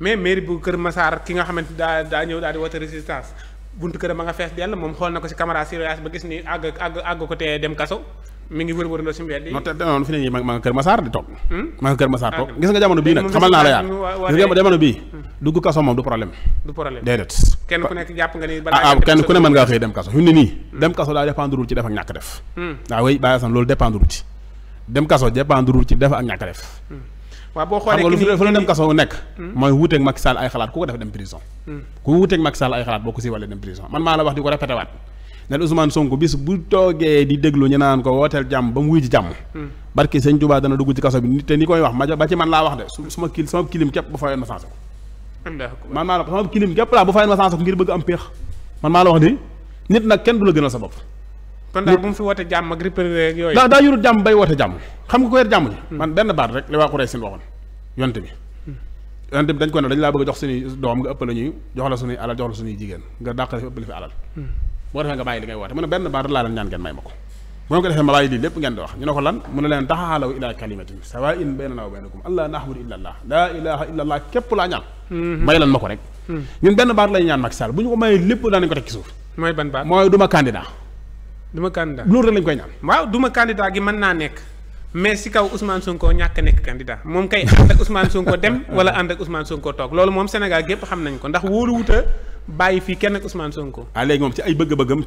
mais mairie bu Kër Massar ki nga xamante daa daa ñëw daal di woote résistance buntu këram a nga fees dell moom xool na ko ci caméra surveillance ba gis ni àgg àgg ko te dem kaso ngi wër-wër loo ci mbedd yi. non te noonu bii nag xamal naa la yaa gis hmm. moom du problème. du problème kenn ku nekk jàpp nga ni balaa ah, ah, kenn ku ne mën ngaa xëy dem kaso fi mu ne nii. Hmm. dem kaso daa dépendrewul ci def ak ñàkk def. waaw hmm. oui bàyyi san loolu dépendrewul ci dem kaso dépendrewul ci def ak ñàkk def waaw boo xoolee xam nga lu fi dem kaso nekk. Hmm? mooy wuuteeg Macky Sall ay xalaat ku ko def dem prison. Hmm. ku wuuteeg Macky Sall ay xalaat boo ko siiwalee dem prison man maa la wax di ko répété waat ne Ousmane Sonko bis bu toogee di déglu ñu naan ko wooteel jàmm ba mu wuy ji jàmm. Hmm. barke sëñ Touba dana dugg ko. man maa la sama kilim képp laa bu fayoon ma sens ko ngir bëgg la sa bopp. kon daal bu mu fi wootee jàmm ak yooyu. daa daa yorut jàmm bay woote jàmm xam nga ko weer jàmm ji hmm. man benn baat rek li waa Quraysh waxoon yonte bi hmm. yonte bi dañ ko ne dañ laa bëgg a jox suñuy doom nga ëppale ñuy jox la suñuy alal jox la suñuy jigéen nga dàqale fi ëppale fi alal hmm. boo defee nga bàyyi li ngay woote mu ne benn baat laa leen ñaan ngeen may ma ko bu ko defee ma bàyyi lii lépp ngeen di wax ñu ne ko lan mu ne leen taxaalaw ila kalimatin sawaa'in baynanaa wa baynakum allaa na'budu illa allah laa ilaha illa allah képp laa ñaan may leen ma ko rek ñun benn baat lay ñaan Macky Sall bu ñu ko mayee lépp daanañ ko teg ci suuf mooy ban baat mooy duma candidat duma candidat loolu rek lañ koy ñaan waaw duma candidat gi mën naa nekk mais si kaw Ousmane Sonko ñàkk nekk candidat moom kay ànd ak Ousmane Sonko dem wala ànd ak Ousmane Sonko toog loolu moom Sénégal gépp xam nañ ko ndax wóolu wuta bàyyi fii kenn ak Ousmane Sonko. ah léegi moom ci ay bëgg-bëggam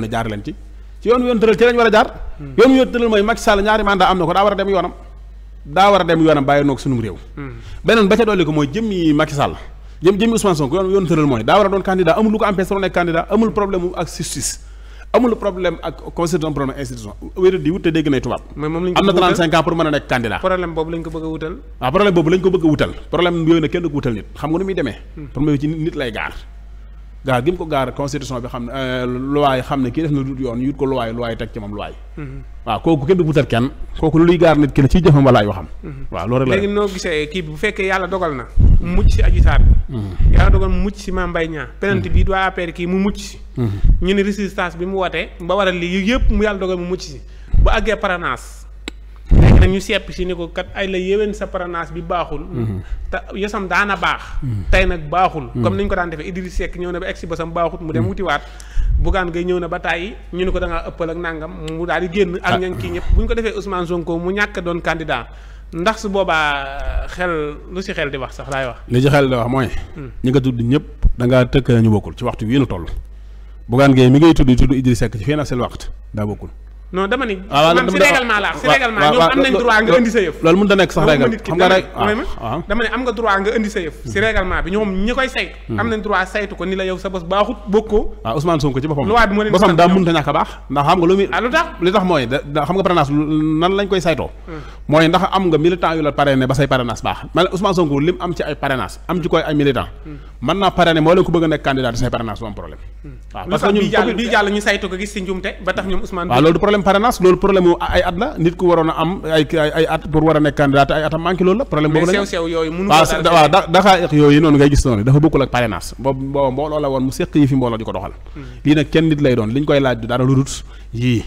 na jaar leen ci ci yoon wi yoon tëral ci a jaar. Hmm. yoon wi yoon mooy Macky ñaari mandat am na ko daa war a dem yoonam daa war a dem yoonam bàyyi noog sunum réew. Hmm. beneen ba ca dolli ko mooy jëmmi Macky jëmmi Ousmane Sonko yoon yoon tëral mooy daa war a doon candidat amul lu ko empêche amul problème ak constitution problème institution wéeru di wut te dégg nay tubaab. mais moom ko am na 35 pour mën a nekk candidat. problème boobu la ko bëgg a wutal. waaw ah, problème boobu la ko bëgg a wutal problème yooyu nag kenn ko wutal nit xam nga nu muy demee. Hmm. problème ci nit lay gaar. gaar gi mu ko gaar constitution bi xam ne euh, loi xam ne kii def na dut yoon ñu yut ko loi loi teg ci moom loi mm-hmm. waaw kooku kenn du wutal kenn kooku luy gaar nit ki la ciy jëfam wala ay waxam mm-hmm. loolu rek la léegi gisee kii bu fekkee yàlla dogal na mu mucc si Adji Sarr bi mm-hmm. yàlla si Mame Mbaye Niang penante bi doit APR kii mu mucc si ñu ne résistance bi mu wootee ba waral lii yëpp mu yàlla dogal mu mucc si bu àggee paranaas ñu sepp si ni ko kat ay la yéwén sa parrainage bi baaxul mhm. te yosam daana baax tey nag baaxul mhm. comme nañ ko daan defee Idriss Seck ñëw na ba egsi basam baaxut mu dem mhm. wutiwaat Bougane Gueye ñëw na ba tàyyi ñu ne ko da ngaa ëppal ak nàngam mu daal di génn ak ah. ñan kii ñëpp bu ñu ko defee Ousmane Sonko mu ñàkk doon candidat ndax su boobaa xel lu si xel di wax sax laay wax li ci xel di wax mooy hmm. ñi nga tudd ñëpp da ngaa tëkk ñu bokkul ci waxtu wii nu toll Bougane Gueye mi ngay tudd tudd Idriss non dama ni. Ah, waaw am nga indi nekk sax règlement xam nga rek ah, ah. dama ne indi sa yëf. Hmm. si règlement bi ñoom ñi koy saytu. Hmm. am nañ droit saytu ko ni la yow sa bos baaxut bokkoo. waaw Ousmane Sonko ci boppam. boppam daa mënut a ñàkk a baax. ndax xam nga lu muy. lu tax li tax mooy xam nga parrainage nan lañ koy saytoo. Hmm. mooy ndax am nga militant yu la parrainé baax man Ousmane Sonko lim am ci ay parrainage am ci koy ay militant mën naa parrainé moo leen ko bëgg a nekk candidat say parrainage du am problème waaw parce que loolu du problème parrainage loolu problème ay at la nit ku waroon a am ay ay at pour war a nekk candidat te loolu la problème boobu la sew sew yooyu mënu ko waaw dafa bokkul ak parrainage boobu booba mbooloo woon mu seq yi fi mbooloo di ko doxal hmm. lii nag kenn nit lay doon li ñu koy laaj du dara yii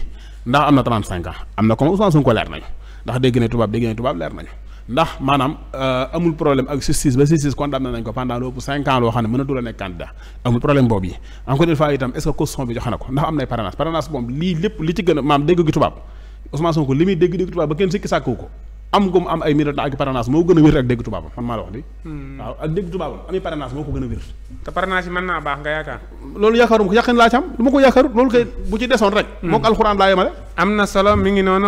ndax am na 35 ans am na comme Ousmane Sonko leer nañu ndax dégg na tubaab dégg na tubaab leer nañu ndax maanaam euh, amul problème ak justice ba justice condamné nañ ko na ko ko am gum am hmm. moo ko gën a wér te ma ko yaakaaru loolu kay bu ci desoon rek hmm. moo ko alxuraan laa yemale am na solo mi ngi noonu